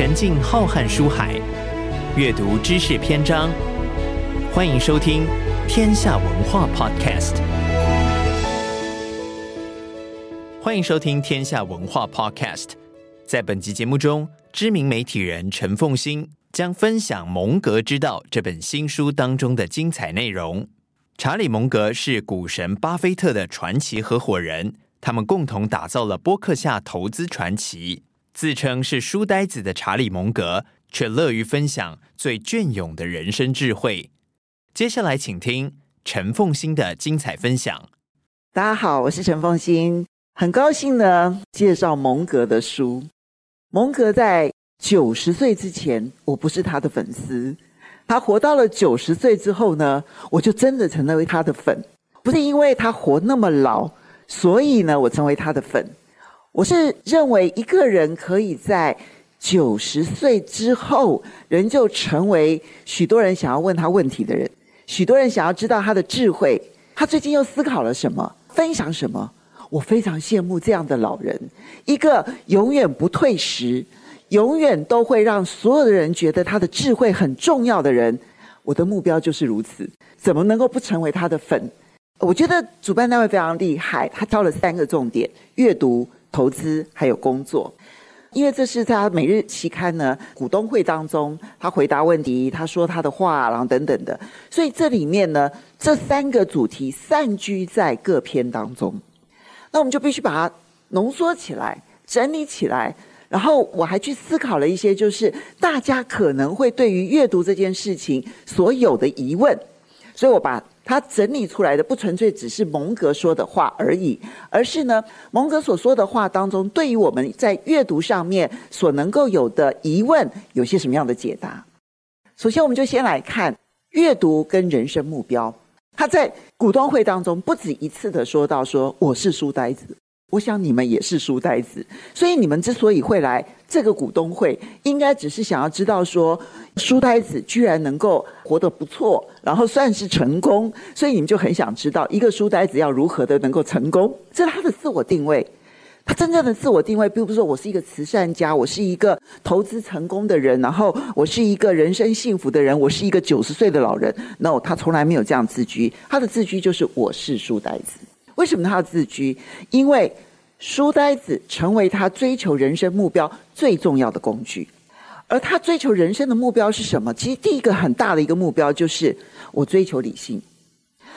沉浸浩瀚書海，閱讀知識篇章。歡迎收聽《天下文化 Podcast》。歡迎收聽《天下文化 Podcast》。在本集節目中，知名媒體人陳鳳馨將分享《蒙格之道》這本新書當中的精彩內容。查理·蒙格是股神巴菲特的傳奇合夥人，他們共同打造了波克夏投資傳奇。自稱是書呆子的查理·蒙格，卻樂於分享最雋永的人生智慧。接下來，請聽陳鳳馨的精彩分享。大家好，我是陳鳳馨，很高興呢介紹蒙格的書。蒙格在九十歲之前，我不是他的粉絲；他活到了九十歲之後呢，我就真的成為他的粉。不是因為他活那麼老，所以呢，我成為他的粉。我是認為一個人可以在九十歲之後，仍舊成為許多人想要問他問題的人，許多人想要知道他的智慧，他最近又思考了什麼，分享什麼。我非常羨慕這樣的老人，一個永遠不退時，永遠都會讓所有的人覺得他的智慧很重要的人。我的目標就是如此，怎麼能夠不成為他的粉？我覺得主辦單位非常厲害，他挑了三個重點閱讀。投資還有工作，因為這是他每日期刊呢股東會當中，他回答問題，他說他的話，然後等等的，所以這裡面呢，這三個主題散居在各篇當中，那我們就必須把它濃縮起來，整理起來，然後我還去思考了一些，就是大家可能會對於閱讀這件事情所有的疑問。所以，我把它整理出來的不純粹只是蒙格說的話而已，而是呢，蒙格所說的話當中，對於我們在閱讀上面所能夠有的疑問，有些什麼樣的解答？首先，我們就先來看閱讀跟人生目標。他在股東會當中不止一次的說到說：“說我是書呆子，我想你們也是書呆子，所以你們之所以會來。”這個股東會應該只是想要知道說，書呆子居然能夠活得不錯，然後算是成功，所以你們就很想知道一個書呆子要如何的能夠成功？這是他的自我定位。他真正的自我定位並不是說我是一個慈善家，我是一個投資成功的人，然後我是一個人生幸福的人，我是一個九十歲的老人。No，他從來沒有這樣自居。他的自居就是我是書呆子。為什麼他要自居？因為。書呆子成為他追求人生目標最重要的工具，而他追求人生的目標是什麼？其實第一個很大的一個目標就是我追求理性。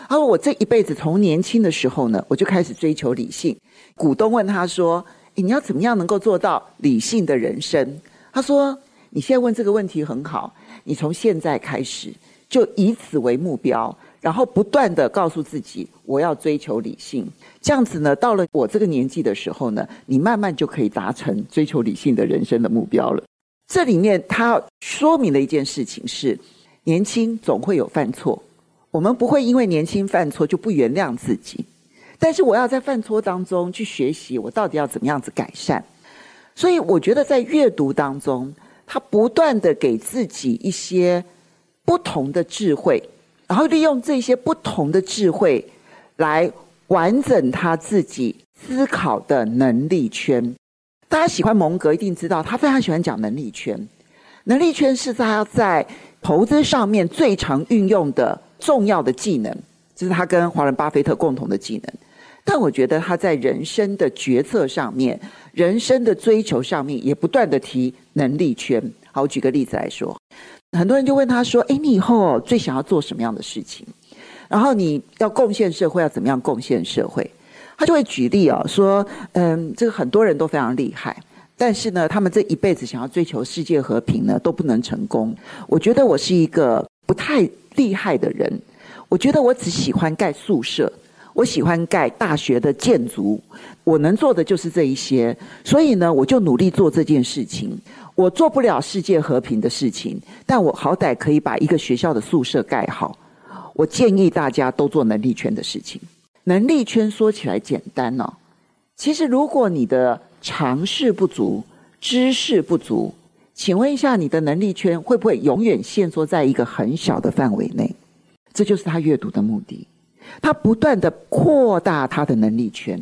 他說我這一輩子從年輕的時候呢，我就開始追求理性。股東問他說：“你要怎麼樣能夠做到理性的人生？”他說：“你現在問這個問題很好，你從現在開始就以此為目標，然後不斷地告訴自己我要追求理性。”這樣子呢，到了我這個年紀的時候呢，你慢慢就可以達成追求理性的人生的目標了。這裡面他說明了一件事情是：年輕總會有犯錯，我們不會因為年輕犯錯就不原諒自己，但是我要在犯錯當中去學習，我到底要怎麼樣子改善。所以我覺得在閱讀當中，他不斷的給自己一些不同的智慧，然後利用這些不同的智慧來完整他自己思考的能力圈，大家喜歡蒙格，一定知道他非常喜歡講能力圈。能力圈是他在投資上面最常運用的重要的技能，這、就是他跟華倫巴菲特共同的技能。但我覺得他在人生的決策上面、人生的追求上面，也不斷的提能力圈。好，我舉個例子來說，很多人就問他說：“誒，你以後最想要做什麼樣的事情？”然後你要貢獻社會，要怎麼樣貢獻社會？他就會舉例哦，說嗯，這個很多人都非常厲害，但是呢，他們這一輩子想要追求世界和平呢，都不能成功。我覺得我是一個不太厲害的人，我覺得我只喜歡蓋宿舍，我喜歡蓋大學的建築，我能做的就是這一些，所以呢，我就努力做這件事情。我做不了世界和平的事情，但我好歹可以把一個學校的宿舍蓋好。我建議大家都做能力圈的事情。能力圈說起來簡單哦，其實如果你的嘗試不足，知識不足，請問一下，你的能力圈會不會永遠限縮在一個很小的範圍內？這就是他閱讀的目的。他不斷地擴大他的能力圈，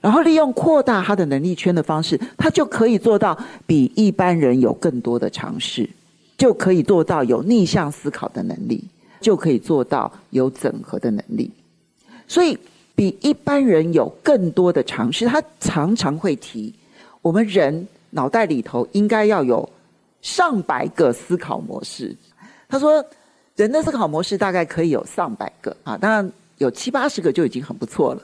然後利用擴大他的能力圈的方式，他就可以做到比一般人有更多的嘗試，就可以做到有逆向思考的能力。就可以做到有整合的能力，所以比一般人有更多的嘗試。他常常會提，我們人腦袋裡頭應該要有上百個思考模式。他說，人的思考模式大概可以有上百個啊，當然有七八十個就已經很不錯了。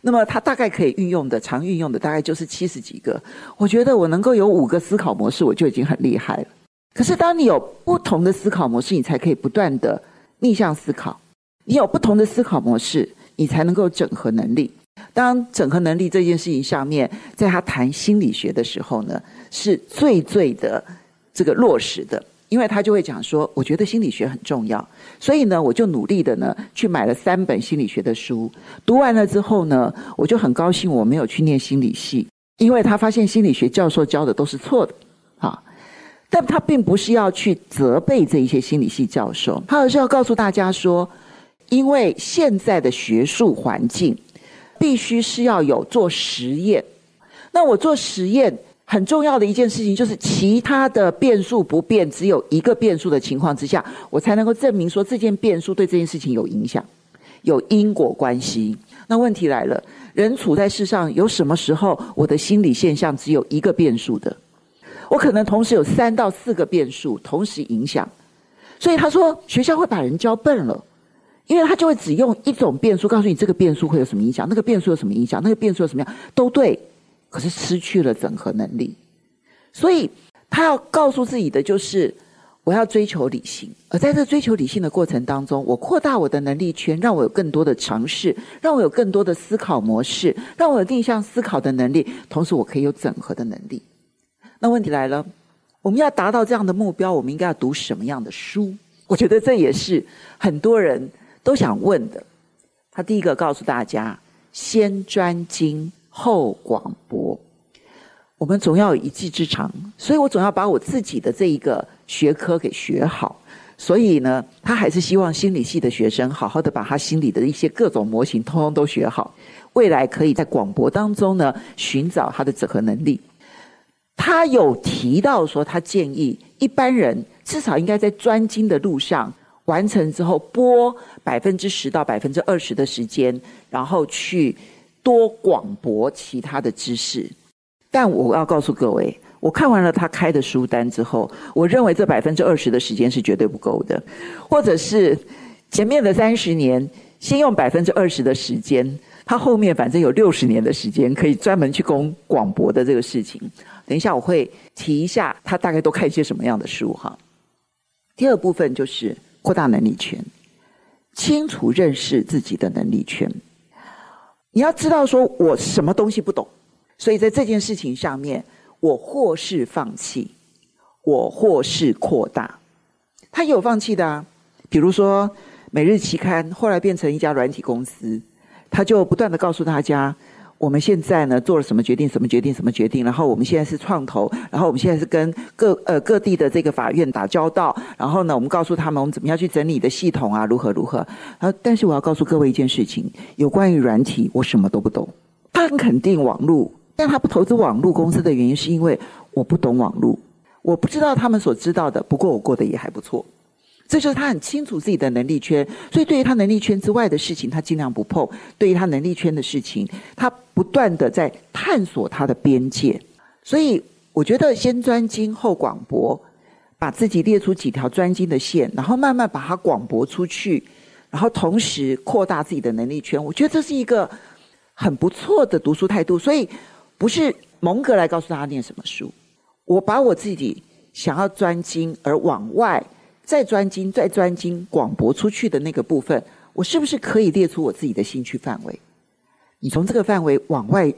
那麼他大概可以運用的，常運用的大概就是七十幾個。我覺得我能夠有五個思考模式，我就已經很厲害了。可是當你有不同的思考模式，你才可以不斷的。逆向思考，你有不同的思考模式，你才能夠整合能力。當整合能力這件事情上面，在他談心理學的時候呢，是最最的這個落實的，因為他就會講說：“我覺得心理學很重要。”所以呢，我就努力的呢去買了三本心理學的書，讀完了之後呢，我就很高興我沒有去念心理系，因為他發現心理學教授教的都是錯的啊。但他並不是要去責備這一些心理系教授，他而是要告訴大家說，因為現在的學術環境，必須是要有做實驗。那我做實驗很重要的一件事情，就是其他的變數不變，只有一個變數的情況之下，我才能夠證明說，這件變數對這件事情有影響，有因果關係。那問題來了，人處在世上，有什麼時候我的心理現象只有一個變數的？我可能同時有三到四個變數同時影響，所以他說學校會把人教笨了，因為他就會只用一種變數告訴你這個變數會有什麼影響，那個變數有什麼影響，那個變數有什麼樣都對，可是失去了整合能力，所以他要告訴自己的就是我要追求理性，而在這追求理性的過程當中，我擴大我的能力圈，讓我有更多的嘗試，讓我有更多的思考模式，讓我有定向思考的能力，同時我可以有整合的能力。那問題來了，我們要達到這樣的目標，我們應該要讀什麼樣的書？我覺得這也是很多人都想問的。他第一個告訴大家：先專精後廣博。我們總要有一技之長，所以我總要把我自己的這一個學科給學好。所以呢，他還是希望心理系的學生好好的把他心理的一些各種模型通通都學好，未來可以在廣博當中呢尋找他的整合能力。他有提到說，他建議一般人至少應該在專精的路上完成之後撥10，撥百分之十到百分之二十的時間，然後去多廣博其他的知識。但我要告訴各位，我看完了他開的書單之後，我認為這百分之二十的時間是絕對不夠的，或者是前面的三十年先用百分之二十的時間。他後面反正有六十年的時間可以專門去攻廣博的這個事情，等一下我會提一下他大概都看一些什麼樣的書哈。第二部分就是擴大能力圈，清楚認識自己的能力圈。你要知道說我什麼東西不懂，所以在這件事情上面，我或是放棄，我或是擴大。他也有放棄的啊，比如說每日期刊後來變成一家軟體公司。他就不斷的告訴大家，我們現在呢做了什麼決定，什麼決定，什麼決定。然後我們現在是創投，然後我們現在是跟各呃各地的這個法院打交道。然後呢，我們告訴他們，我們怎麼樣去整理的系統啊，如何如何。然後但是我要告訴各位一件事情，有關於軟體，我什麼都不懂。他很肯定網絡，但他不投資網絡公司的原因是因為我不懂網絡，我不知道他們所知道的。不過我過得也還不錯。這就是他很清楚自己的能力圈，所以對於他能力圈之外的事情，他盡量不碰；對於他能力圈的事情，他不斷地在探索他的邊界。所以我覺得先專精後廣博，把自己列出幾條專精的線，然後慢慢把它廣博出去，然後同時擴大自己的能力圈。我覺得這是一個很不錯的讀書態度。所以不是蒙格來告訴大家念什麼書，我把我自己想要專精而往外。再專精，再專精，廣博出去的那個部分，我是不是可以列出我自己的興趣範圍？你從這個範圍往外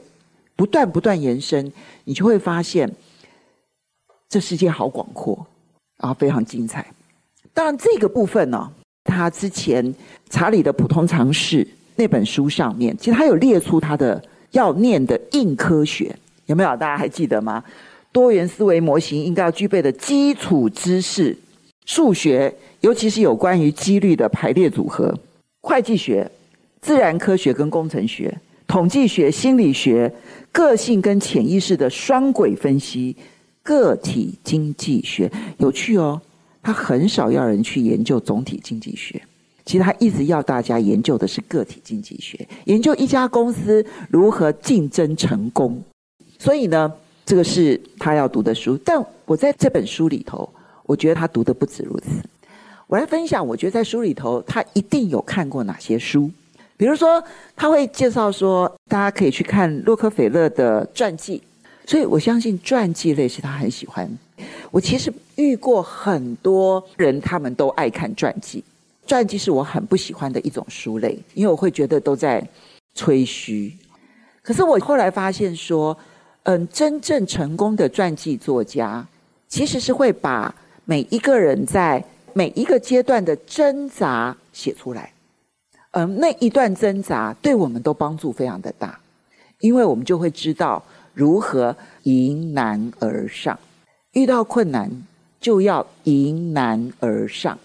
不斷不斷延伸，你就會發現這世界好廣闊啊，非常精彩。當然，這個部分呢，哦，他之前查理的《普通常識》那本書上面，其實他有列出他的要念的硬科學，有沒有？大家還記得嗎？多元思維模型應該要具備的基礎知識。數學，尤其是有關於幾率的排列組合、會計學、自然科學跟工程學、統計學、心理學、個性跟潛意識的雙軌分析、個體經濟學，有趣哦。他很少要人去研究總體經濟學，其實他一直要大家研究的是個體經濟學，研究一家公司如何競爭成功。所以呢，這個是他要讀的書，但我在這本書裡頭。我覺得他讀得不止如此。我來分享，我覺得在書裡頭，他一定有看過哪些書。比如說，他會介紹說，大家可以去看洛克菲勒的傳記。所以我相信傳記類是他很喜歡的。我其實遇過很多人，他們都愛看傳記。傳記是我很不喜歡的一種書類，因為我會覺得都在吹噓。可是我後來發現說，嗯，真正成功的傳記作家其實是會把。每一個人在每一個階段的掙扎寫出來，而，那一段掙扎對我們都幫助非常的大，因為我們就會知道如何迎難而上。遇到困難就要迎難而上，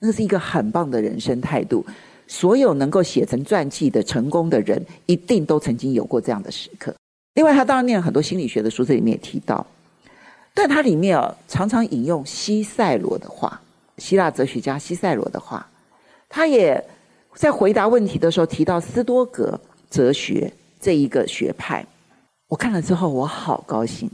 那是一個很棒的人生態度。所有能夠寫成傳記的成功的人，一定都曾經有過這樣的時刻。另外，他當然念了很多心理學的書，這裡面也提到。但它裡面啊，常常引用西塞羅的話，希臘哲學家西塞羅的話，他也在回答問題的時候提到斯多格哲學這一個學派。我看了之後，我好高興，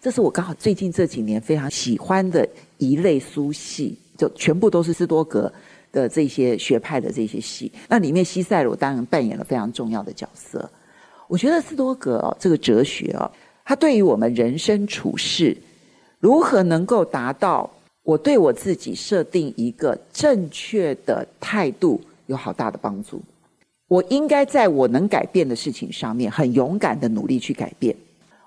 這是我剛好最近這幾年非常喜歡的一類書系，就全部都是斯多格的這些學派的這些系。那裡面西塞羅當然扮演了非常重要的角色。我覺得斯多格哦，這個哲學哦，它對於我們人生處世。如何能夠達到我對我自己設定一個正確的態度，有好大的幫助。我應該在我能改變的事情上面很勇敢的努力去改變。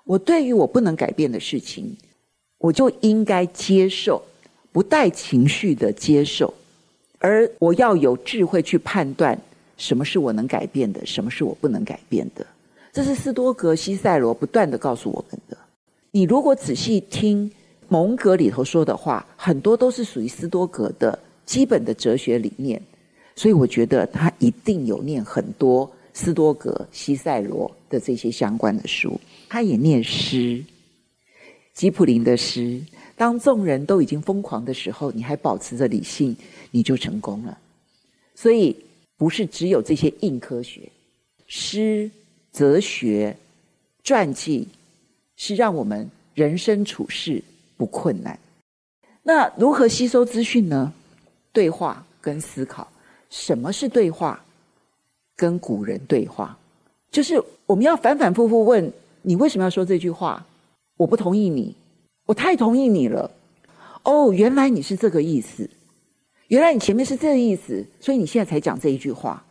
我對於我不能改變的事情，我就應該接受，不帶情緒的接受。而我要有智慧去判斷什麼是我能改變的，什麼是我不能改變的。這是斯多格西塞羅不斷地告訴我們的。你如果仔細聽。蒙格裡頭說的話，很多都是屬於斯多葛的基本的哲學理念，所以我覺得他一定有念很多斯多葛、西塞羅的這些相關的書。他也念詩，吉普林的詩。當眾人都已經瘋狂的時候，你還保持着理性，你就成功了。所以，不是只有這些硬科學、詩、哲學、傳記，是讓我們人生處世。不困難。那如何吸收資訊呢？對話跟思考。什麼是對話？跟古人對話，就是我們要反反复覆問你為什麼要說這句話？我不同意你，我太同意你了。哦，原來你是這個意思，原來你前面是這個意思，所以你現在才講這一句話。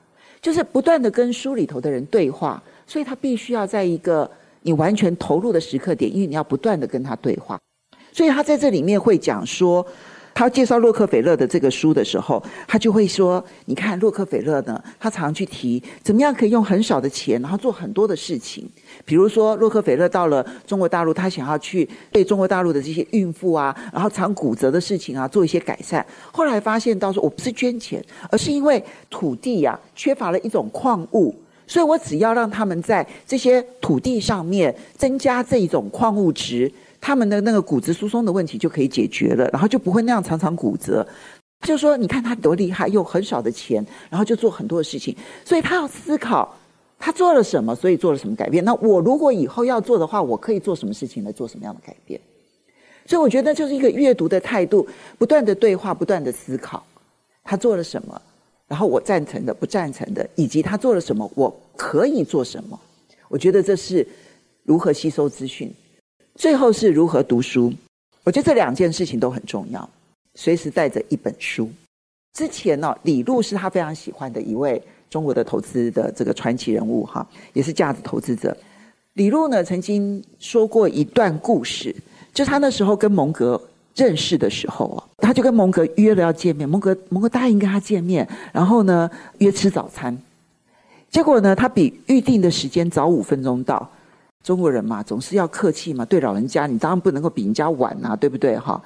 就是不斷的跟書裡頭的人對話，所以他必須要在一個你完全投入的時刻點，因為你要不斷的跟他對話。所以他在這裡面會講說，他介紹洛克菲勒的這個書的時候，他就會說：“你看洛克菲勒呢，他常去提怎麼樣可以用很少的錢，然後做很多的事情。比如說洛克菲勒到了中國大陸，他想要去對中國大陸的這些孕婦啊，然後長骨折的事情啊做一些改善。後來發現，到說我不是捐錢，而是因為土地呀、啊、缺乏了一種礦物，所以我只要讓他們在這些土地上面增加這一種礦物質。”他們的那個骨質疏鬆的問題就可以解決了，然後就不會那樣常常骨折。就說你看他多厲害，用很少的錢，然後就做很多的事情。所以他要思考他做了什麼，所以做了什麼改變。那我如果以後要做的話，我可以做什麼事情來做什麼樣的改變？所以我覺得就是一個閱讀的態度，不斷的對話，不斷的思考，他做了什麼，然後我贊成的、不贊成的，以及他做了什麼，我可以做什麼。我覺得這是如何吸收資訊。最後是如何讀書？我覺得這兩件事情都很重要，隨時帶着一本書。之前呢，李璐是他非常喜歡的一位中國的投資的這個傳奇人物哈，也是價值投資者。李璐呢曾經說過一段故事，就是、他那時候跟蒙格認識的時候，他就跟蒙格約了要見面，蒙格蒙格答應跟他見面，然後呢約吃早餐。結果呢，他比預定的時間早五分鐘到。中國人嘛，總是要客氣嘛。對老人家，你當然不能夠比人家晚吶、啊，對不對？哈、哦，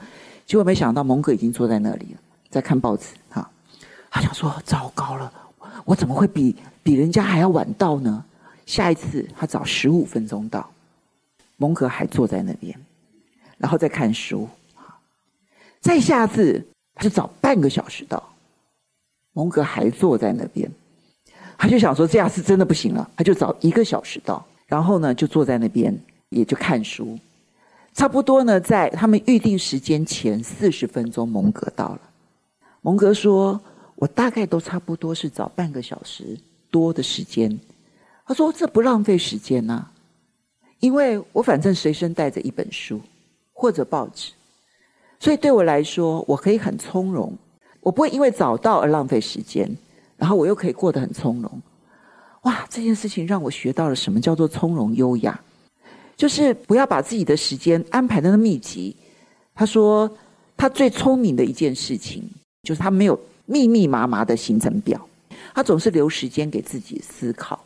結果沒想到蒙格已經坐在那裡了，在看報紙。哈、哦，他想說：糟糕了，我怎麼會比比人家還要晚到呢？下一次他早十五分鐘到，蒙格還坐在那邊，然後再看書、哦。再下次，他就早半個小時到，蒙格還坐在那邊，他就想說：這樣是真的不行了。他就早一個小時到。然後呢，就坐在那邊，也就看書。差不多呢，在他們預定時間前四十分鐘，蒙格到了。蒙格說：“我大概都差不多是早半個小時多的時間。”他說：“這不浪費時間吶、啊，因為我反正隨身帶着一本書或者報紙，所以對我來說，我可以很從容。我不會因為早到而浪費時間，然後我又可以過得很從容。”哇，這件事情讓我學到了什麼叫做從容優雅，就是不要把自己的時間安排的那麼密集。他說，他最聰明的一件事情就是他沒有密密麻麻的行程表，他總是留時間給自己思考。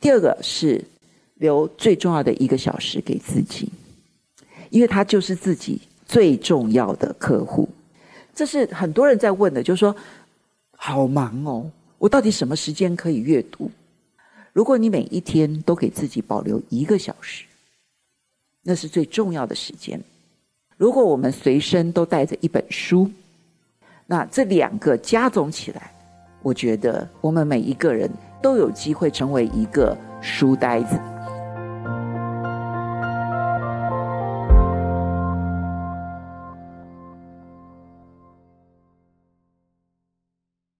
第二個是留最重要的一個小時給自己，因為他就是自己最重要的客戶。這是很多人在問的，就是說好忙哦，我到底什麼時間可以閱讀？如果你每一天都給自己保留一個小時，那是最重要的時間。如果我們隨身都帶着一本書，那這兩個加總起來，我覺得我們每一個人都有機會成為一個書呆子。